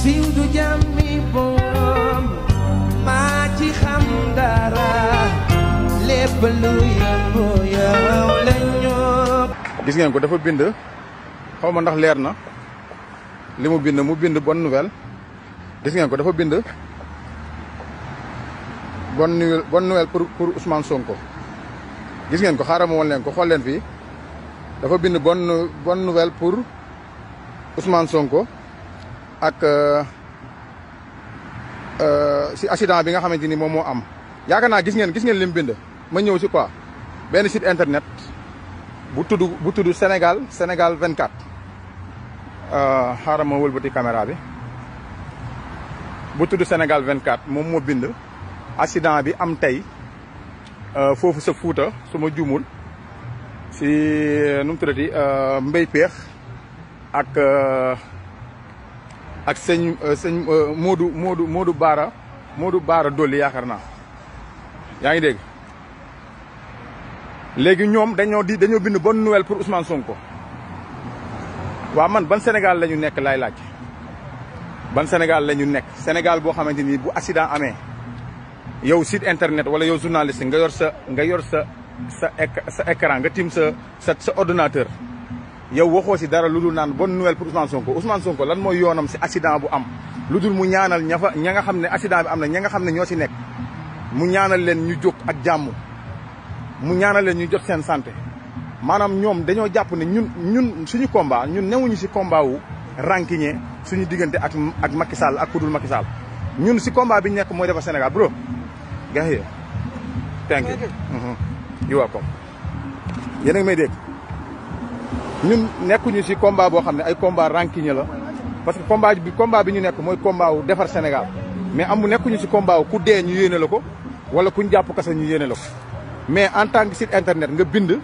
gis ngeen ko dafa bind xawma ndax leer na limu bind mu bind bonne nouvelle gis ngeen ko dafa bind bonne nouvelle bonne nouvelle pour pour Ousmane Sonko gis ngeen ko xaram won len ko xol len fi dafa bind bonne bonne nouvelle pour Ousmane Sonko ak eh, eh, si accident bi nga xamanteni mom mo am yaakaar naa gis ngeen gis ngeen lim bind ma ñew si quoi ben site internet bu tuddu bu tuddu Senegal senegal 24 eh, xaaral ma buti caméra bi bu tuddu Senegal 24 mom mo bind accident bi am tay euh fofu se fouta suma jumul si num tuddi euh mbey pex ak ak sëñ euh, sëñ euh, Modou Modou Modou Baara Modou Baara Dolli yaakaar naa yaa ngi dégg. léegi ñoom dañoo di dañoo bind bonne nouvelle pour Ousmane Sonko waa man ban Sénégal la ñu nekk laay laaj ban Sénégal la ñu nekk Sénégal boo xamante ni bu accident amee yow site internet wala yow journaliste nga yor sa nga yor sa sa sa nga tiim sa sa sa ordinateur. yow waxoo si dara lu dul naan bonne nouvelle pour Ousmane Sonko Ousmane Sonko lan mooy yoonam si accident bu am lu dul mu ñaanal ña fa nga xam ne accident bi am na ña nga xam ne ñoo si nekk mu ñaanal leen ñu jóg ak jàmm mu ñaanal leen ñu jot seen sante maanaam ñoom dañoo jàpp ne ñun ñun suñu combat ñun newuñu si combat wu rancunier suñu diggante ak ak Macky Sall ak kudul Macky ñun si combat bi ñu mooy defar Sénégal bro. gax yi thank you you mm-hmm. welcome yéen a ngi ñun nekkuñu si combat boo xam ne ay combat rancunier la parce que combat bi combat bi ñu nekk mooy combat defar Sénégal mais amu nekkuñu ci si wu ku dee ñu yéene la ko wala kuñ jàpp kase ñu yéene la ko mais en tant que site internet nga bind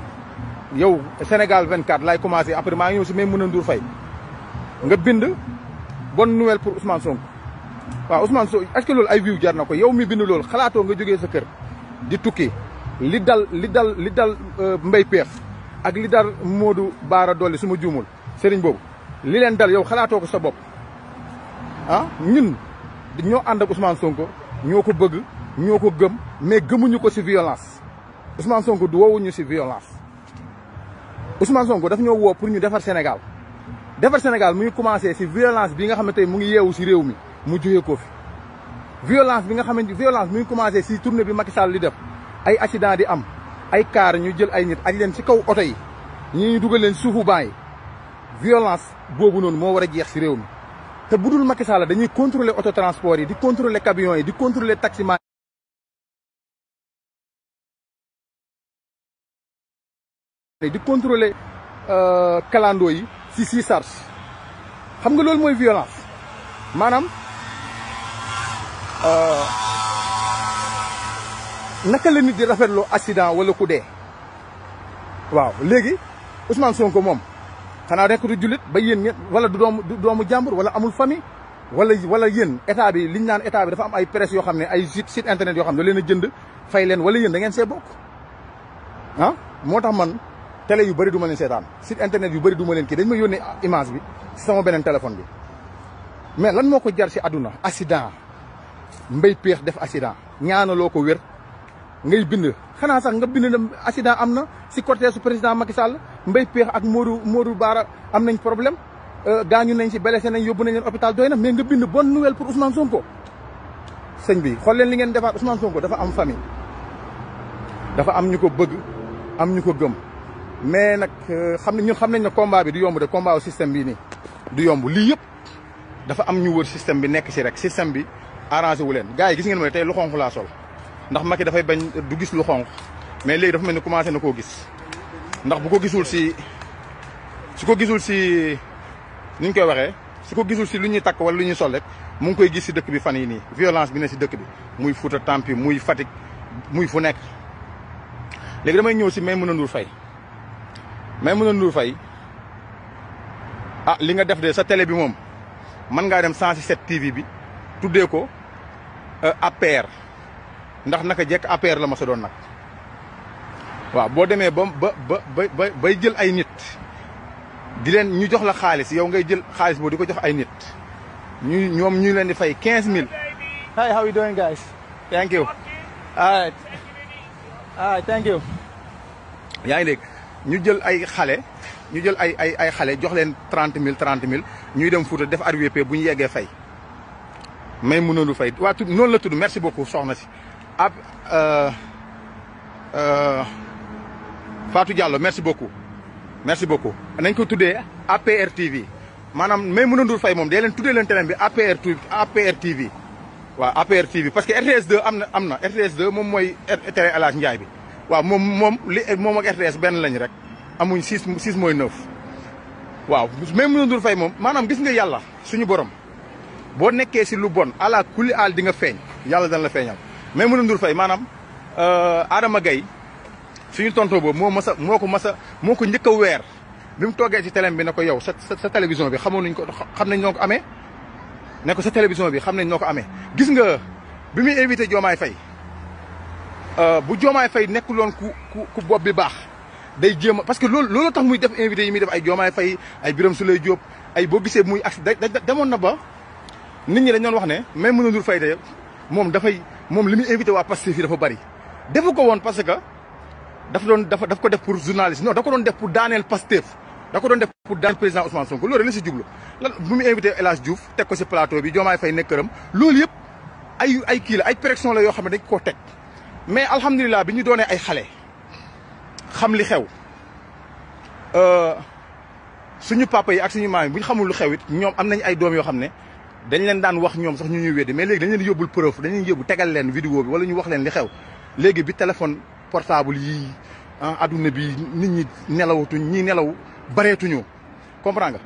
yow Sénégal 24 laay commencé après maa ngi ñëw ci may mën a fay nga bind bon nuwel pour Ousmane Sonko waaw Ousmane Sonko ay view jar na ko yow mi bind loolu xalaatoo nga jógee sa kër di tukki li dal li dal li dal euh, mbay peef ak li dar Modou bara doli suma djumul serigne bobu li len dal yow xalaatoo ko sa bop ah ñun ño and ak Ousmane Sonko ñoo ko bëgg gëm mais gëmuñu ko si violence Ousmane Sonko du woowuñu si violence Ousmane Sonko daf ñoo wo pour ñu défar Sénégal défar Sénégal muy commencer ci si violence bi nga xamné usireumi mu ngi yewu ci réew mi mu ko fi violence bi nga xamné violence muy commencer ci si bi Macky Sall li def ay accident di am ay car ñu jël ay nit aj leen ci kaw auto yi ñi ñu leen suufu baay violence boobu noonu moo war a jeex ci réew mi te budul Macky dañuy contrôler autotransport yi di contrôler camion yi di contrôler taxi yi di contrôler euh, calando yi ci six charges xam nga loolu mooy violence maanaam euh, naka la nit di rafetlo accident wala ku dé waaw légui Ousmane Sonko mom xana rek du julit ba yeen wala du doomu doomu jambour wala amul famille wala wala yeen état bi liñ nane état bi dafa am ay presse yo xamné ay site internet yo xamné leena jënd fay leen wala yeen da ngeen sé bok ah motax man télé yu bari du leen sétan site internet yu bari du leen ki dañ ma yónnee image bi sama benen téléphone bi mais lan moko jar ci aduna accident mbey peex def accident ñaanaloko wër ngay bind xanaa sax nga bind na accident am na si cortège su président Macky Sall Mbaye ak Modou mooru baara am nañ problème euh, gaañu nañ si blessé nañ yóbbu nañ leen hôpital doy na mais nga bind bonne nouvelle pour Ousmane Sonko. sëñ bi xool leen li ngeen defaat Ousmane Sonko dafa am famille dafa am ñu ko bëgg am ñu ko gëm mais nag euh, xam ne ñu xam nañ ne combat bi du yomb de combat au système bii nii du yomb lii yëpp dafa am ñu wër système bi nekk si rek système bi arrangé wu leen gars yi gis ngeen mooy tey lu xonq laa ndax Macky dafay bañ du gis lu xonq mais léegi dafa mel ni commencé na koo gis ndax bu ko gisul si su ko gisul si ni ñu koy waxee si ko gisul si lu ñuy takk wala lu ñuy sol rek mu ngi koy gis si dëkk bi fan yi nii violence bi ne si dëkk bi muy Fouta Tampi muy Fatick muy fu nekk léegi damay ñëw si Maimouna Ndour Faye Maimouna Ndour Faye ah li nga def de sa télé bi moom mën ngaa dem 107 TV bi tuddee ko euh, APR ndax naka jekk APR la ma sa doon nag waaw boo demee ba ba ba ba bay jël ay nit di leen ñu jox la xaalis yow ngay jël xaalis boo di ko jox ay nit ñu ñoom ñu leen di fay quinze mille hi how you doing guys thank you all right yaa ngi dégg ñu jël ay xale ñu jël ay ay ay xale jox leen trente mille trente mille ñuy dem Fuuta def RWP bu ñu yeggee fay may mënoonu fay waa tu noonu la tudd merci beaucoup soxna si ab euh, euh, Fatou Diallo merci beaucoup merci beaucoup nañ ko tuddee APR TV manam mais mën a fay mom dee leen tuddee leen terrain bi APR APR TV wa APR TV parce que RTS 2 amna amna RTS 2 mom moy terrain El Hadj Ndiaye bi wa mom mom li moom ak RTS ben lañ rek amuñ 6 6 moy 9 wa même mën a fay mom manam gis nga yalla suñu borom bo nekkee ci lu bon ala kulli al di nga feeñ yalla dañ la feeñal mais Maimouna Ndour fay maanaam euh, Adama Gaye ñu tonto boobu moo mas a moo ko mas a moo ko njëkk a weer bi mu toogee ci télé bi ne ko yow sa sa télévision bi xamoon nañ ko xam nañ noo ko amee ne ko sa télévision bi xam nañ noo ko amee gis nga bi muy invité Diomaye Faye euh, bu Diomaye fay nekkuloon ku ku ku bopp bi baax day jéem parce que loolu loolu tax muy def invité yi muy def ay Diomaye Faye ay Birame Souleye Diop ay boo gisee muy accident demoon na ba nit ñi dañ wax ne Maimouna Ndour fay de moom dafay moom li muy invité waa Pastef fii dafa bari. defu ko woon parce que dafa doon dafa daf ko def pour journaliste non da ko doon def pour daaneel Pastef da ko doon def pour daaneel président Ousmane Sonko loolu la si jublu lan bu El Hadj Diouf teg ko si plateau bi Diomaye Faye nekk këram loolu yëpp ay ay kii la ay pression la yoo xam ne dañ koo teg mais alhamdulilah bi ñu doonee ay xale xam li xew euh, suñu papa yi ak suñu maam yi bu ñu xamul lu xew it ñoom am nañ ay doom yoo xam ne. dañ leen daan wax ñoom sax ñu ñuy weddi mais léegi dañ leen yóbbul preuve dañ leen yóbbu tegal leen vidéo bi wala ñu wax leen li xew léegi bi téléphone portable yi ah adduna bi nit ñi nelawatuñ ñi nelaw bareetuñu comprendre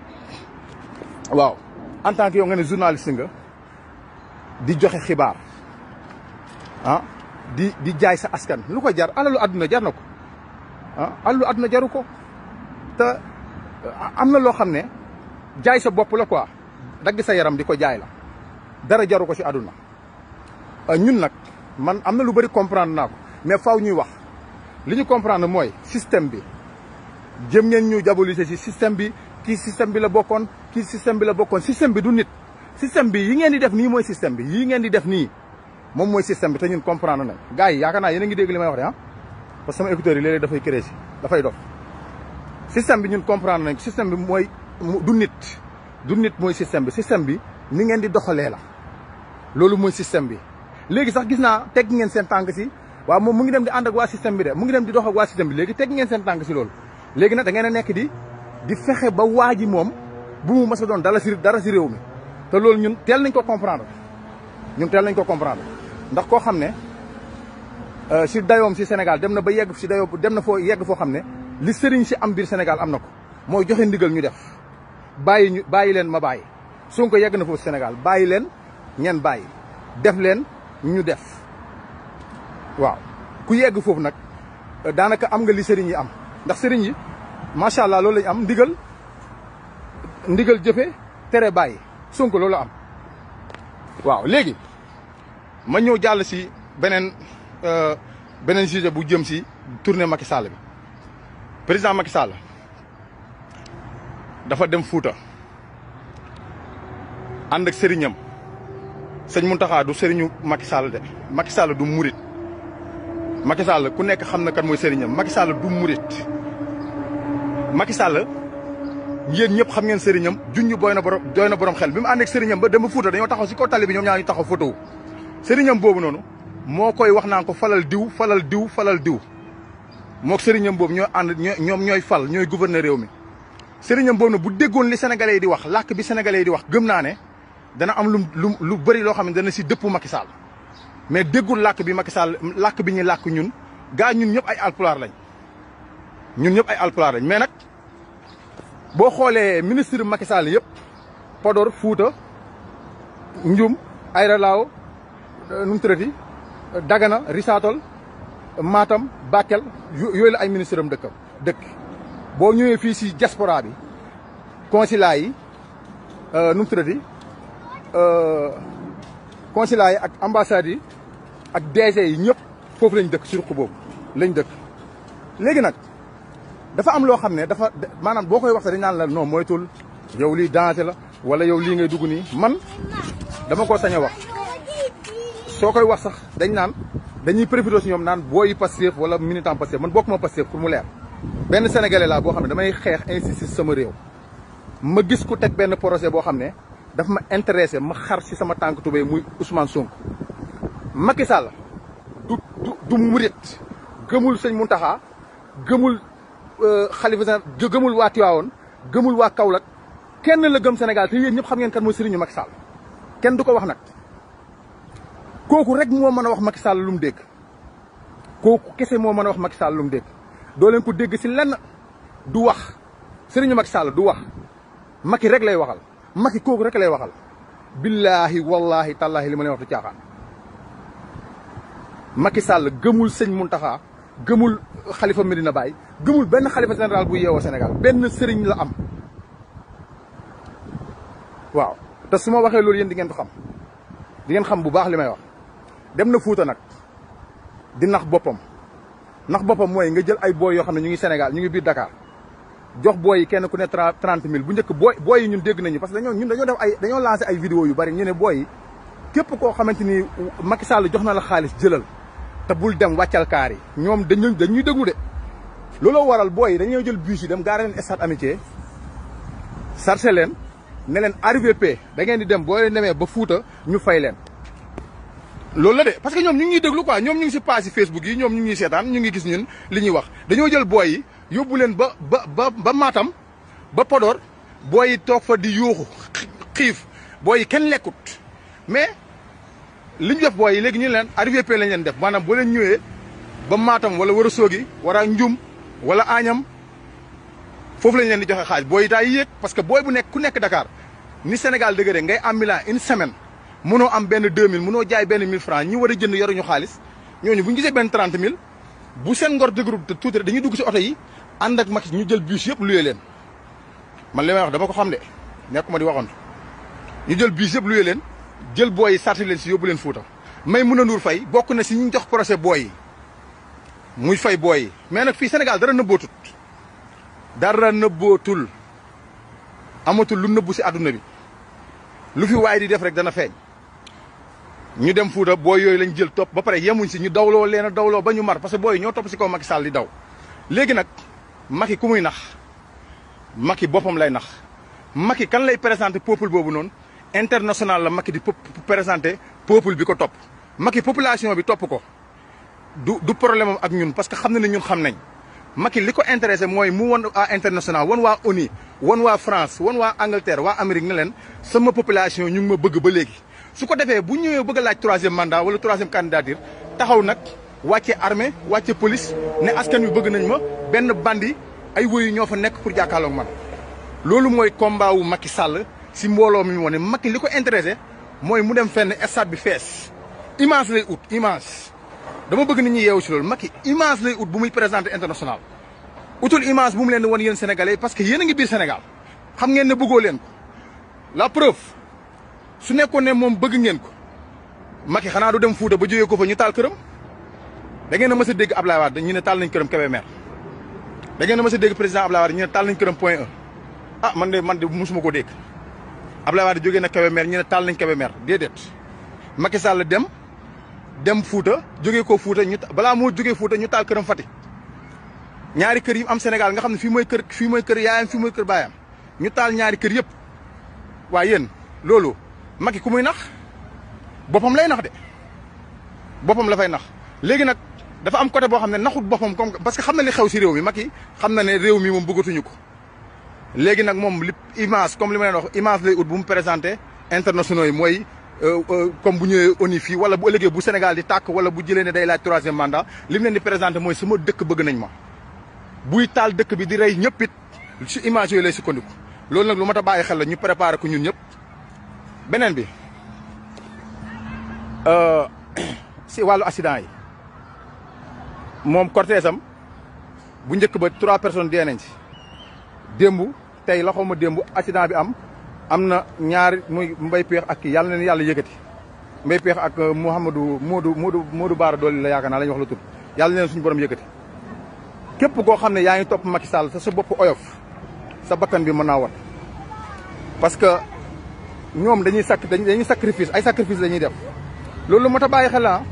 nga waaw en tant que yow nga ne journaliste nga di joxe xibaar ah di di jaay sa askan lu ko jar alalu adduna jar na ko ah alalu adduna jaru ko te am na loo xam ne jaay sa bopp la ko dagg sa yaram di ko jaay la dara jaru ko ci àdduna euh, ñun nag man am na lu bari comprendre naa ko mais faaw ñuy wax li ñu comprendre mooy système bi jëm ngeen ñu diaboliser ci système bi kii système bi la bokkoon kii système bi la bokkoon système bi du nit système bi yi ngeen di def nii mooy système bi yi ngeen di def nii moom mooy système bi te ñun comprendre nañ gars yi yaakaar naa yéen a ngi dégg li may wax ah. que sama écouteurs yi léeg dafay créé dafay dof système bi ñun comprendre nañ système bi mooy du nit du nit mooy système bi système bi ni ngeen di doxalee la loolu mooy système bi léegi sax gis naa teg ngeen seen tànk si waaw moom mu ngi dem di ànd ak waa système bi de mu ngi dem di dox ak waa système bi léegi teg seen tànk si loolu léegi na da ngeen a nekk di di fexe ba waa ji moom bu mu mas a doon si dara si réew mi te loolu ñun teel nañ ko comprendre ñun teel nañ ko comprendre ndax koo xam ne euh, si dayoom si Sénégal dem na ba yegg si dayoom dem na foo yegg foo xam ne li sëriñ si am biir Sénégal am na ko mooy joxe ndigal ñu def bàyyi ñu bàyyi leen ma bàyyi Sonko yegg na foofu Sénégal bàyyi leen ngeen bàyyi def leen ñu def waaw ku yegg foofu nag euh, daanaka am nga li sëriñ yi am ndax sëriñ yi macha allah loolu lañu am ndigal ndigal jëfe tere bàyyi Sonko loolu am waaw léegi ma ñëw jàll si beneen euh, beneen sujet bu jëm si tournée Macky Sall bi président Macky Sall dafa dem Fuuta ànd ak sëriñam sëñ Mountakha du sëriñu Macky Sall de Macky Sall du murit Macky ku nekk xam na kan mooy sëriñam Macky Sall du murit Macky Sall yéen ñëpp xam ngeen sëriñam junj booy na borom doy na borom xel bi mu ànd sëriñam ba dem Fuuta dañoo taxaw si kaw tali bi ñoom ñaar ñu taxaw photo sëriñam boobu noonu moo koy wax naan ko falal diw falal diw falal diw moo sëriñam boobu ñoo ànd ñoom ñooy fal ñooy gouverneur réew mi. sëriñam boobu na bu déggoon li sénégalais yi di wax làkk bi sénégalais yi di wax gëm naa ne dana am lu lu lu bëri loo xam ne dana si dëpp Macky Sall mais déggul làkk bi Macky Sall làkk bi ñuy làkk ñun gaa ñun ñëpp ay alpulaar lañ ñun ñëpp ay alpulaar lañ mais nag boo xoolee ministre Macky Sall yëpp Podor Fuuta Njum Aïda Lao euh, nu mu tërati Dagana Risatol Matam Bakel yooyu la ay ministre am dëkkam dëkk bo ñëwee fi ci diaspora bi consulat yi euh, nu mu euh consulat yi ak ambassade yi ak DG yi ñëpp fofu lañ dëkk si ruq lañ dëkk. légui nak dafa am lo xamné dafa manam bokoy wax dañ nan la non moytul yow li danger la wala yow li ngay dugg ni man dama ko saña So wax wasa, wax sax dañ nan dañuy profité si ñoom naan booyi Pastef wala en man bokuma Pastef pour mu benn sénégalais boo xam ne damay xeex injustice sama réew ma gis ku teg benn projet boo xam ne daf ma intéressé ma xar si sama tànk tubéy muy Ousmane Sonko Macky Sall du du du murit gëmul sëñ Muntaxa gëmul xalifa euh, sa gëmul waa Tiwaawoon gëmul waa Kaolack kenn la gëm Sénégal te yéen ñëpp xam ngeen kan mooy sëriñu Macky Sall kenn du ko wax nag kooku rek moo mën a wax Macky Sall lu mu dégg kooku kese moo mën a wax Macky Sall lu mu dégg doo leen ko deg ci len du wax serigne mak Sall du wax maki rek lay waxal maki kooku rek lay waxal billahi wallahi tallahi li ma wax ci xaan maki Sall gëmul serigne Mountakha gëmul khalifa Medina bay gëmul ben khalifa général bu yeewoo Sénégal ben serigne la am waaw ta suma waxe lol yéen di ngeen xam di ngeen xam bu baax limay wax dem na fouta nak di nax bopam ndax boppam mooy nga jël ay booy yoo xam ne ñu ngi senegal ñu ngi biir Dakar jox booy yi kenn ku ne trente mille bu njëkk booy booy yi ñun dégg nañu parce que dañoo ñun dañoo def ay dañoo lancé ay vidéo yu bari ñu ne booy képp koo xamante ni Macky Sall jox na la xaalis jëlal te bul dem wàccal kaar ñoom dañu dañuy déglu de looloo waral booy yi jël bus yi dem gaare leen stade amitié sarse leen ne leen da ngeen di dem booy leen ba fuuta ñu fay leen loolu la de parce que ñoom ñu ngi ñuy déglu quoi ñoom ñu ngi si page Facebook yi ñoom ñu ngi seetaan ñu ngi gis ñun li ñuy wax dañoo jël booy yi yóbbu leen ba ba ba ba Matam ba Podor booy yi toog fa di yuuxu xiif booy kenn lekkut mais li ñu def booy yi léegi ñu leen arrivé pe lañ leen def maanaam boo leen ñëwee ba maatam wala war a soogi wala njum wala Agnam foofu lañ leen di joxe xaaj booy yi daay parce que booy bu nekk ku nekk Dakar ni Sénégal dëgg ngay ambulant une semaine. mëno am ben 2000 mëno jaay ben 1000 francs ñi wara jënd yoru ñu xaaliss bu ñu gisee benn 30 000 bu seen ngor de groupe tout rek dañuy dugg ci auto yi ànd ak Macky ñu jël bus yëpp luyé len man limay wax dama ko xam de nekkuma di waxon ñu jël bus yëpp luyé len jël boy yi sarti len ci yobul len Fuuta may mëna nur fay bokku na ci ñu jox projet boy yi muy fay boy yi mais nak fi Sénégal dara na nëbbootut dara na botul amatul lu neub ci aduna bi lu fi way di def rek dana feeñ ñu dem Fuuta boo yooyu lañ jël topp ba pare yemuñ si ñu dawloo leen a ba ñu mar parce que booy ñoo topp si kaw Macky Sall daw. léegi nag Macky ku muy nax Macky boppam lay nax Macky kan lay présenté peuple boobu noon international la Macky di présenté peuple bi ko topp. Macky population bi topp ko du du problème ak ñun parce que xam na ne ñun xam nañ Macky li ko intéressé mooy mu won a international wan waa ONU wan waa France wan waa Angleterre waa Amérique ne leen sama ñu ma bëgg ba léegi. su ko defee bu ñëwee bëgg a laaj troisième mandat wala troisième candidature taxaw nag wàcce armée wàcce police ne askan wi bëgg nañ ma benn bandi ay woyu ñoo fa nekk pour jàkkaarloog man. loolu mooy combat wu Macky Sall si mbooloo mi moo ne Macky li ko intéressé mooy mu dem fenn stade bi fees image lay ut image. dama bëgg nit ñi yeewu ci loolu Macky image lay ut bu muy présenté international utul image bu mu leen di wan yéen sénégalais parce que yéen a ngi biir Sénégal xam ngeen ne bëggoo leen ko su nekkoon ne moom bëgg ngeen ko Macky xanaa du dem Fuuta ba jógee ko fa ñu taal këram da ngeen a mës a dégg Ablaye Wade ñu ne taal nañ këram Kébémer da ngeen a dégg président Ablaye Wade ñu ne taal nañ këram point 1 ah man de man de mosuma ko dégg Ablaye Wade jógee na Kébémer ñu ne taal nañ Kébémer déedéet Macky Sall dem dem Fuuta jógee ko Fuuta ñu balaa moo jógee Fuuta ñu taal këram fati ñaari kër yi am senegal nga xam ne fii mooy kër fii mooy kër yaayam fii mooy kër baayam ñu taal ñaari kër yëpp waaye yéen loolu makki ku muy nax boppam lay nax de boppam la fay nax léegi nag dafa am côté boo xam ne naxut boppam comme parce que xam na li xew si réew mi Macky xam na ne réew mi moom bëggatuñu ko. léegi nag moom li image comme li ma leen wax image lay ut bu mu présenté internationaux yi mooy euh, euh, comme bu ñëwee ONU fii wala bu ëllëgee bu Sénégal di tàkk wala bu jëlee ne day laaj troisième mandat li mu ni di mooy sama dëkk bëgg nañ ma. buy taal dëkk bi di rey ñëpp it si image yooyu lay sukkandiku loolu nag lu mat a bàyyi xel la ñu préparé ko ñun ñëpp. benen bi euh si walu accident yi mom cortésam bu ñëk ba trois personnes dee nañ ci dembu tay la xaw ma accident bi am amna ñaar muy mbay peex ak yalla yàlla yalla leen mbay peex ak eh, Mouhamadou Modou Modou Modou bar dool la yaaka na lañ wax lu tut yalla na suñu borom yëkkati. képp ko xamné yaangi top Macky Sall sa sa oyof sa bakkan bi mëna wat parce que ñom dañuy sak dañuy sacrifice ay sacrifice dañuy def loolu moo baye bàyyi xel ah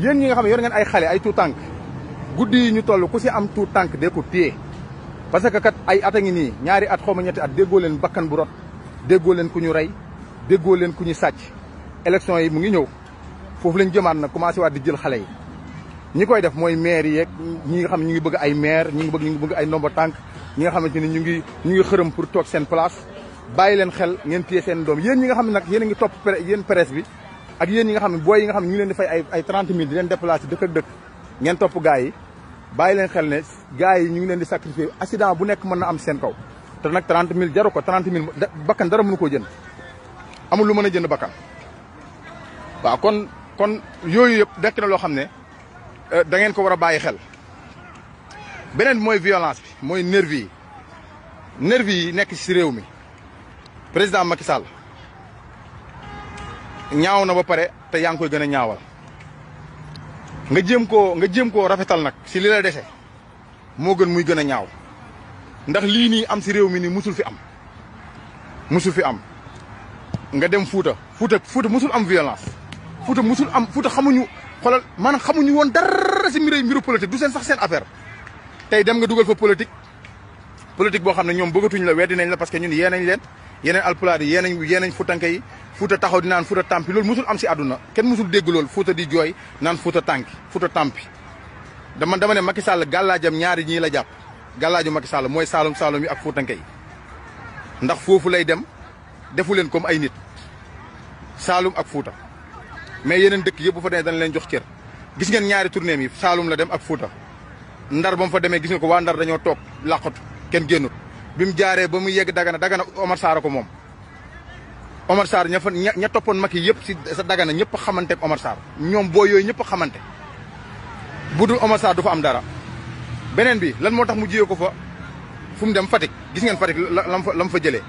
yéen ñi nga xam yor ngeen ay xalé ay tout tànk guddi ñu tollu ku ci am tout tànk dee ko téye parce que kat ay at ngi ni ñaari at xoma ñetti at déggoo leen bakkan bu rot déggoo leen ku ñu ray déggoo leen ku ñu sacc élection yi mu ngi ñew fofu lañu jëmaat nak commencé waat di jël xalé yi ñi koy def moy maire yeeg ñi nga xam ñi ngi bëgg ay maire ñi ngi bëgg ñi ngi bëgg ay nombre tank ñi nga xamanteni ni ñu ngi ñu ngi xërem pour tok sen place bàyyi leen xel ngeen téye seen doom yéen ñi nga xam ne nag yéen a ngi topp yéen presse bi ak yéen booy yi nga xam ne ñu ngi leen di fay ay ay trente mille di leen déplacé dëkk ak ngeen topp gars yi bàyyi leen xel ne gars yi ñu ngi leen di sacrifier accident bu nekk mën na am seen kaw te nag trente mille jaru ko trente mille bakkan dara mënu koo jënd amul lu mën a jënd bakkan waaw kon kon yooyu yëpp dekk na loo xam ne euh, da ngeen ko war a bàyyi xel beneen mooy violence bi mooy nervi yi yi nekk si réew mi président Macky Sall ñaaw na ba pare te yang koy gëna ñaawal nga jëm ko nga jëm ko rafetal nak ci li la gën muy gëna ñaaw ndax li ni am ci réew mi ni musul fi am musul fi am nga dem fouta fouta fouta musul am violence fouta musul am fouta xamuñu xolal mana xamuñu won dara ci mbiré mbiru politique du sen sax sen affaire tay dem nga dugal fa politique politique bo xamné ñom bëggatuñ la wéddi nañ la parce que ñun yé nañ leen yeneen alpulaar yi yeneen yeneen futanke yi fuuta taxaw di naan fuuta tàmpi loolu mosul am si àdduna kenn mosul dégg loolu fuuta di jooy naan fuuta tànki fuuta tàmpi dama dama ne Macky Sall gàllaajam ñaari ñii la jàpp gàllaaju Macky Sall mooy saalum saalum yi ak fuutanke ndax foofu lay dem defu leen comme ay nit saalum ak fuuta mais yeneen dëkk yëpp bu fa demee dañ leen jox cër gis ngeen ñaari tournée mi saalum la dem ak fuuta ndar ba fa demee gis nga ko waa ndar dañoo toog làqatu kenn génnut bim jare ba mu yegg dagana dagana Omar Sarr ko mom Omar Sarr ñafa ña toppoon Macky si sa dagana ñëpp xamanté Omar Sarr ñom bo yoy ñëpp xamanté Omar Sarr du fa am dara benen bi lan motax mu jiyé ko fa fu dem fatik gis ngeen fatik lam fa lam fa jëlé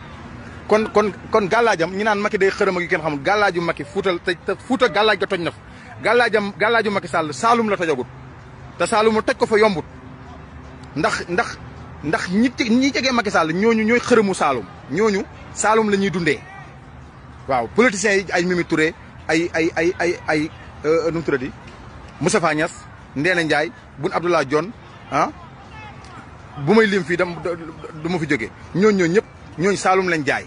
kon kon kon galajam ñi naan maki day xërem ak yu kenn xamul gàllaaju Macky futal te futa galaj ga salum na galajam gàllaajam gàllaaju Sall la tojagut te mu ko fa yombut ndax ndax ndax ñi ñi jege maki Sall ñooñu ñooy xërëmu Saalum ñooñu Saalum la ñuy dundee waaw politiciens yi ay Mimi Touré ay ay ay ay ay euh, nu mu tuddati Moustapha Niass Ndeena Ndiaye Boun Abdallah Dionne ah bu may lim fii dam du ma fi jóge ñooñ ñooñu ñëpp ñooñ Saalum lañ jaay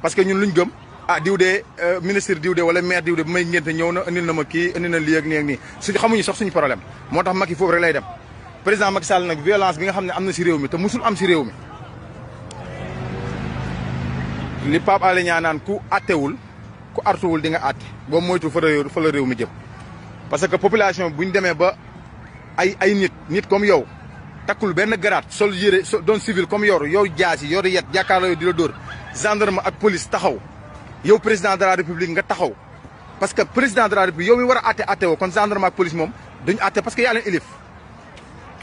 parce que ñun luñ gëm ah diw dee euh, ministre diw dee wala maire diw dee bu may ngénte ñëw na indil na ma kii indil na li ak nii ak nii suñu xamuñu sax suñu problème moo tax Macky foofu rek lay dem président Macky Sall nag violence bi nga xam ne am na si réew mi te am si réew mi li Pape Alé Niang naan ku àttewul ku artuwul di nga àtte boo moytu fa la réew mi jëm. parce que population bu ñu demee ba ay ay nit nit comme yow takkul benn garaat sol yére doon civil comme yor yow jaasi yor yet jàkkaarloo yow di la dóor gendarme ak police taxaw yow président de la république nga taxaw. parce que président de la république yow mi war a àtte àtte kon gendarme ak police moom duñu àtte que yaa leen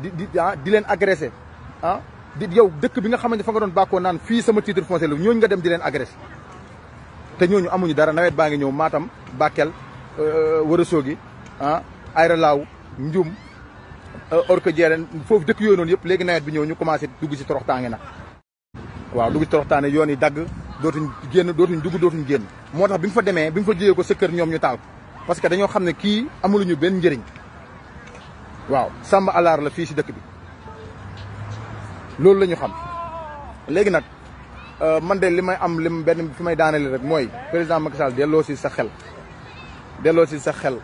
di di ah, di leen agressé ah di yow dekk bi nga xamanteni fa nga don bako nan fi sama titre foncier la ñooñu nga dem di len agresser te ñooñu amuñu dara nawet baa ngi Matam Bakel Ourossogui euh, ah Aéré Lao njum euh, orko Diérén fofu dekk yoy non yëpp léegi nawet bi ñëw ñu commencé dugg ci toroxtaange nag waaw dugg ci toroxtaange yoon yi dag dootuñ genn dootuñ dugg dootuñ genn motax biñ fa démé biñ fa jëyee ko sa kër ñom ñu taal parce que dañu xamné ki amuluñu ben njëriñ waaw sàmm alaar la fii si dëkk bi loolu la ñu xam léegi nag euh, man de li may am lim benn fi may daanale rek mooy président Macky Sall delloo si sa xel delloo si sa xel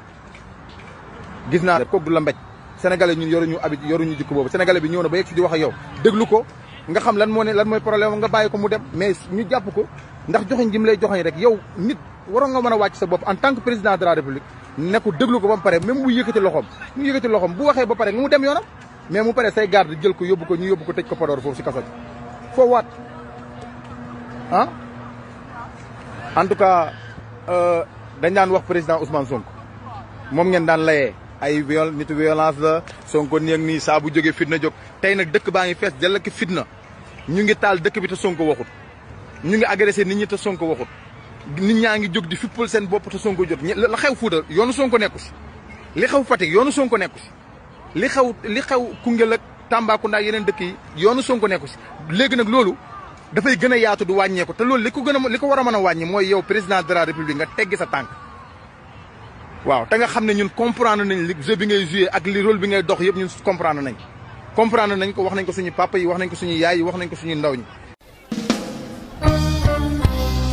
gis naa kooku du la mbéj sénégalais ñun yoruñu habit yoruñu jikko boobu sénégalais bi ñëw na ba yegg si di wax ak yow déglu ko nga xam lan moo ne lan mooy problème nga bàyyi ko mu dem mais ñu jàpp ko ndax joxeñ gi mu lay joxeñ rek yow nit waroon nga mën a wàcc sa bopp en tant que président de la république ne ko ko ba mu pare même bu yëkkati loxoom mu yëkkati loxoom bu waxee ba pare mu dem yoonam mais mu pare say garde jël ko yóbbu ko ñu yóbbu ko tëj ko Podor foofu si kaso bi foo waat ah en tout cas euh, dañ daan wax président Ousmane Sonko moom ngeen daan layee ay viol nitu violence la Sonko nii ak nii saa bu jógee fitna jóg tey nag dëkk baa ngi fees dell ak fitna ñu ngi taal dëkk bi te Sonko waxut ñu ngi agressé nit ñi te Sonko waxut nit ñaa ngi jóg di fippal seen bopp te Sonko jot la xew Fuuta yoonu Sonko nekku si li xew Fatick yoonu Sonko nekku si li xew li xew Koungheul ak Tambacounda ak yeneen dëkk yi yoonu Sonko nekku si léegi nag loolu dafay gën a yaatu du wàññeeku te loolu li ko gën a li ko war a mën a wàññi mooy yow président de la république nga teggi sa tànk waaw te nga xam ne ñun comprendre nañ li jeu bi ngay joué ak li rôle bi ngay dox yëpp ñun comprendre nañ comprendre nañ ko wax nañ ko suñu papa yi wax nañ suñu yaay yi wax nañ ko suñu ndaw ñi